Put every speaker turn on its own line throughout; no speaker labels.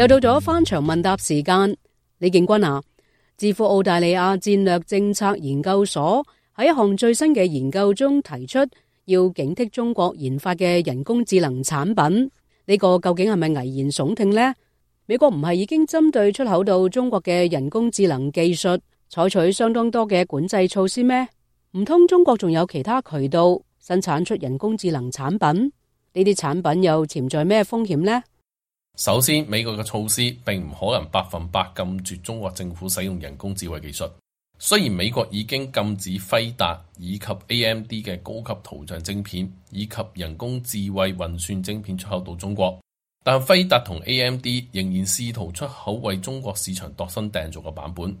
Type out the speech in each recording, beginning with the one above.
又到咗翻牆問答時間，李敬軍啊，智庫澳大利亞戰略政策研究所喺一項最新嘅研究中提出，要警惕中國研發嘅人工智能產品。呢個究竟係咪危言聳聽呢？美國唔係已經針對出口到中國嘅人工智能技術採取相當多嘅管制措施咩？唔通中國仲有其他渠道生產出人工智能產品？呢啲產品又潛在咩風險呢？
首先，美國嘅措施並唔可能百分百禁絕中國政府使用人工智能技術。雖然美國已經禁止輝達以及 AMD 嘅高級圖像晶片以及人工智能運算晶片出口到中國，但輝達同 AMD 仍然試圖出口為中國市場度身訂造嘅版本。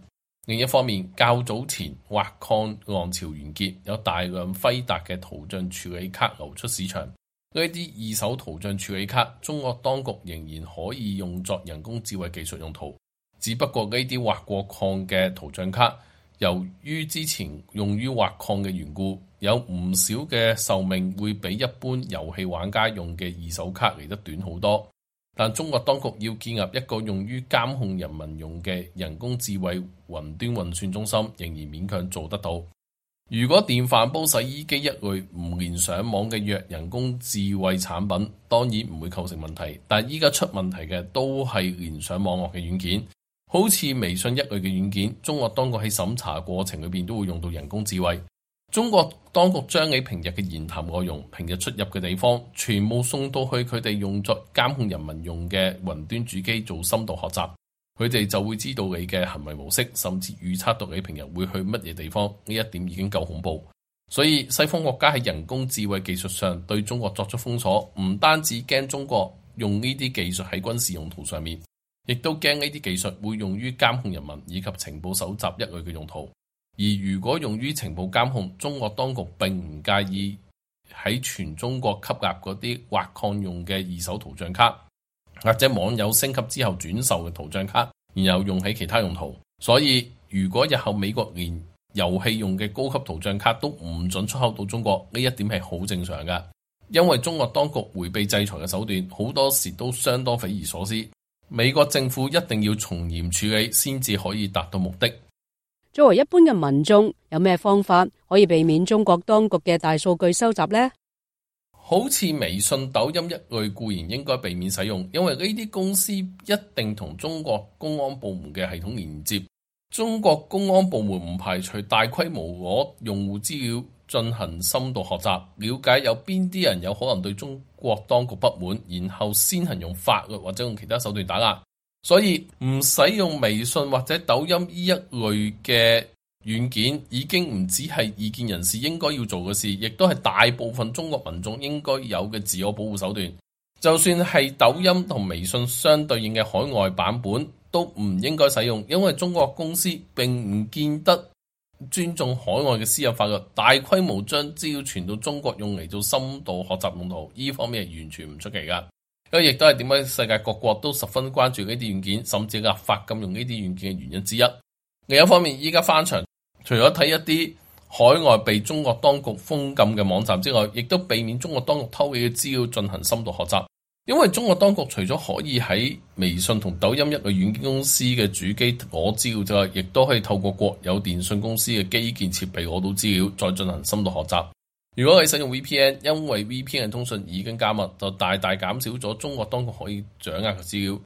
另一方面，較早前挖礦浪潮完結，有大量輝達嘅圖像處理卡流出市場。呢啲二手圖像處理卡，中國當局仍然可以用作人工智慧技術用途。只不過呢啲挖過礦嘅圖像卡，由於之前用於挖礦嘅緣故，有唔少嘅壽命會比一般遊戲玩家用嘅二手卡嚟得短好多。但中國當局要建立一個用於監控人民用嘅人工智慧雲端運算中心，仍然勉強做得到。如果電飯煲、洗衣機一類唔連上網嘅弱人工智慧產品，當然唔會構成問題。但係依家出問題嘅都係連上網絡嘅軟件，好似微信一類嘅軟件。中國當局喺審查過程裏面都會用到人工智慧。中國當局將你平日嘅言談內容、平日出入嘅地方，全部送到去佢哋用作監控人民用嘅雲端主機做深度學習。佢哋就會知道你嘅行為模式，甚至預測到你平日會去乜嘢地方。呢一點已經夠恐怖，所以西方國家喺人工智慧技術上對中國作出封鎖，唔單止驚中國用呢啲技術喺軍事用途上面，亦都驚呢啲技術會用於監控人民以及情報搜集一類嘅用途。而如果用於情報監控，中國當局並唔介意喺全中國吸納嗰啲挖礦用嘅二手圖像卡。或者網友升級之後轉售嘅圖像卡，然後用喺其他用途。所以如果日後美國連遊戲用嘅高級圖像卡都唔准出口到中國，呢一點係好正常㗎。因為中國當局回避制裁嘅手段，好多時都相當匪夷所思。美國政府一定要從嚴處理，先至可以達到目的。
作為一般嘅民眾，有咩方法可以避免中國當局嘅大數據收集呢？
好似微信、抖音一類固然應該避免使用，因為呢啲公司一定同中國公安部門嘅系統連接。中國公安部門唔排除大規模攞用戶資料進行深度學習，了解有邊啲人有可能對中國當局不滿，然後先行用法律或者用其他手段打壓，所以唔使用，用微信或者抖音呢一類嘅。軟件已經唔只係異見人士應該要做嘅事，亦都係大部分中國民眾應該有嘅自我保護手段。就算係抖音同微信相對應嘅海外版本，都唔應該使用，因為中國公司並唔見得尊重海外嘅私有法律，大規模將資料傳到中國用嚟做深度學習用途，呢方面係完全唔出奇噶。因為亦都係點解世界各國都十分關注呢啲軟件，甚至立法禁用呢啲軟件嘅原因之一。另一方面，依家翻牆，除咗睇一啲海外被中國當局封禁嘅網站之外，亦都避免中國當局偷嘅資料進行深度學習。因為中國當局除咗可以喺微信同抖音一個軟件公司嘅主機攞資料之外，亦都可以透過國有電信公司嘅基建設備攞到資料，再進行深度學習。如果你使用 VPN，因為 VPN 嘅通訊已經加密，就大大減少咗中國當局可以掌握嘅資料。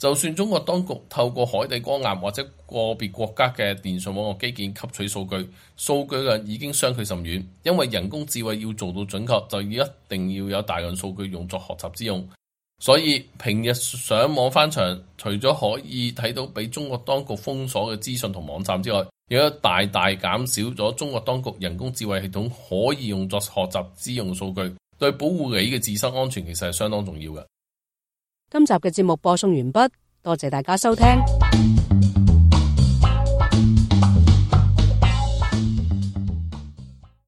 就算中國當局透過海底光纜或者個別國家嘅電信網絡基建吸取數據，數據量已經相距甚遠。因為人工智慧要做到準確，就要一定要有大量數據用作學習之用。所以平日上網翻牆，除咗可以睇到俾中國當局封鎖嘅資訊同網站之外，亦都大大減少咗中國當局人工智慧系統可以用作學習之用嘅數據，對保護你嘅自身安全其實係相當重要嘅。
今集嘅節目播送完畢，多謝大家收聽。